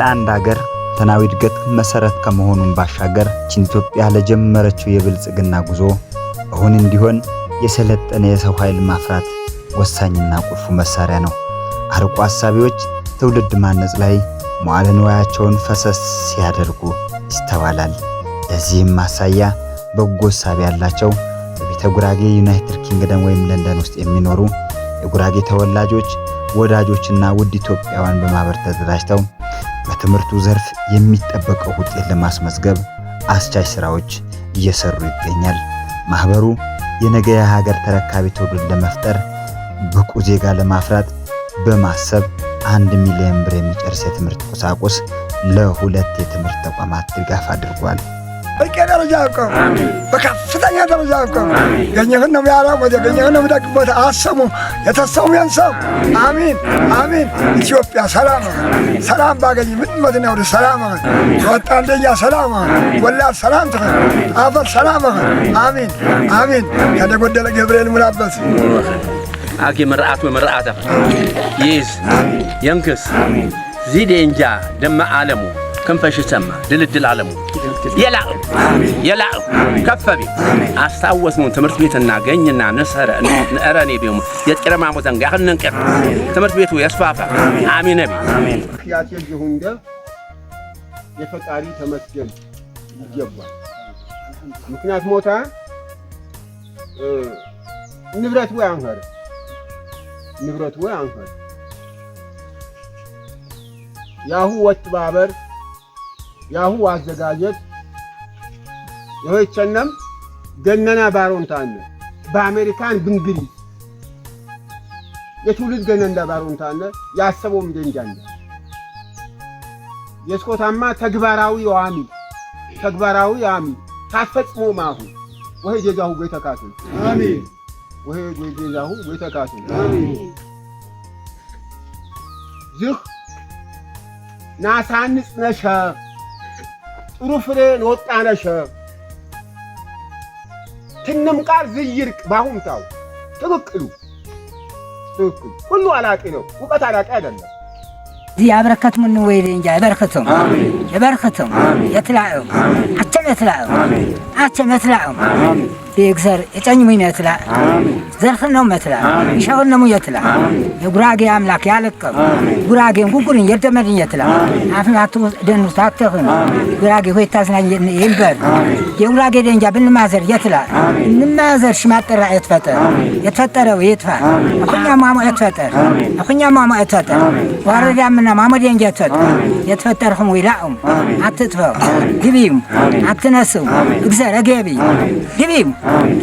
ለአንድ ሀገር ተናዊ እድገት መሰረት ከመሆኑን ባሻገር ችን ኢትዮጵያ ለጀመረችው የብልጽግና ጉዞ እሁን እንዲሆን የሰለጠነ የሰው ኃይል ማፍራት ወሳኝና ቁልፉ መሳሪያ ነው። አርቆ አሳቢዎች ትውልድ ማነጽ ላይ መዋዕለ ንዋያቸውን ፈሰስ ሲያደርጉ ይስተዋላል። ለዚህም ማሳያ በጎ እሳቤ ያላቸው በቤተ ጉራጌ ዩናይትድ ኪንግደም ወይም ለንደን ውስጥ የሚኖሩ የጉራጌ ተወላጆች ወዳጆችና ውድ ኢትዮጵያውያን በማህበር ተደራጅተው በትምህርቱ ዘርፍ የሚጠበቀው ውጤት ለማስመዝገብ አስቻይ ስራዎች እየሰሩ ይገኛል። ማህበሩ የነገ የሀገር ተረካቢ ትውልድ ለመፍጠር ብቁ ዜጋ ለማፍራት በማሰብ አንድ ሚሊዮን ብር የሚጨርስ የትምህርት ቁሳቁስ ለሁለት የትምህርት ተቋማት ድጋፍ አድርጓል። እቄ ደረጃ ያብቀው፣ በከፍተኛ ደረጃ ያብቀው። ገኘህን ነው ያላ ገኘህን ነው የሚደቅበት አሰሙ የተሰሙ የንሰብ አሚን አሚን። ኢትዮጵያ ሰላም ሰላም ባገኝ ምን መድን ያውድ ሰላም ወጣ አንደኛ ሰላም ወላድ ሰላም ትኸን አፈር ሰላም አሚን አሚን። ያደጎደለ ገብርኤል ሙላበት አኪ መርዓት መርዓታ ይዝ የንክስ ዚዴ እንጃ ደማ ዓለሙ ክንፈሽ ሰማ ድልድል አለሙ የላእ የላእ ከፈቢ አስታወስሙን ትምህርት ቤት እናገኝና ንስረ ንእረኔ ቢሙ የጤረማ ሞተን ጋህነን ትምህርት ቤቱ ያስፋፋ አሜን። ነቢ ያቴ ይሁንደ የፈጣሪ ተመስገን ይገባል። ምክንያት ሞታ ንብረት ወይ አንፈር ንብረት ወይ አንፈር ያሁ ወጥ ባበር ያሁ አዘጋጀት የሆይቸነም ገነና ባሮንታነ በአሜሪካን ብንግሪ የትውልድ ገነና ባሮንታነ ያሰቦም ደንጃነ የስኮታማ ተግባራዊ የዋሚ ተግባራዊ ያሚ ታፈጽሞ ማሁ ወይ ጌዛሁ ወይ ተካቱ አሜን ወይ ወይ ጌዛሁ ወይ ተካቱ አሜን ዝህ ናሳንጽ ነሸ ጥሩ ፍሬ ንወጣነሸ ትንም ቃል ዝይርቅ ባሁንታው ትክክሉ ትክክሉ ሁሉ አላቂ ነው፣ እውቀት አላቂ አይደለም። ያበረከት ምን ወይ እንጃ ይበርክቱም ይበርክቱም የትላዑም አቸም የትላዑም አቸም የትላዑም የእግዘር የጨኝሙም የትላ ዘርፍነውም የትላ ይሸቅነሙ የትላ የጉራጌ አምላክ ያለቀም ጉራጌን ጉጉርን የደመድን የትላ አፍናቱ ደኑ ታተኽን ጉራጌ ሆይ ታዝናኝ ይልበር የጉራጌ ደንጃ ብንማዘር የትላ እንማዘር ሽማጠራ የትፈጠር የትፈጠረው የትፋ አኩኛ ማሞ የትፈጠር አኩኛ ማሞ የትፈጠር ዋረዳምና ማሞድ ደንጃ የትፈጠር የትፈጠርኹም ይላኡም አትጥፈው ግቢም አትነስም እግዘር አገቢ ግቢም Amén.